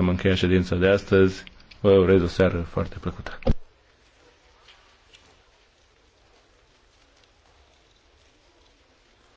Am încheiat ședința de astăzi. Vă urez o seară foarte plăcută.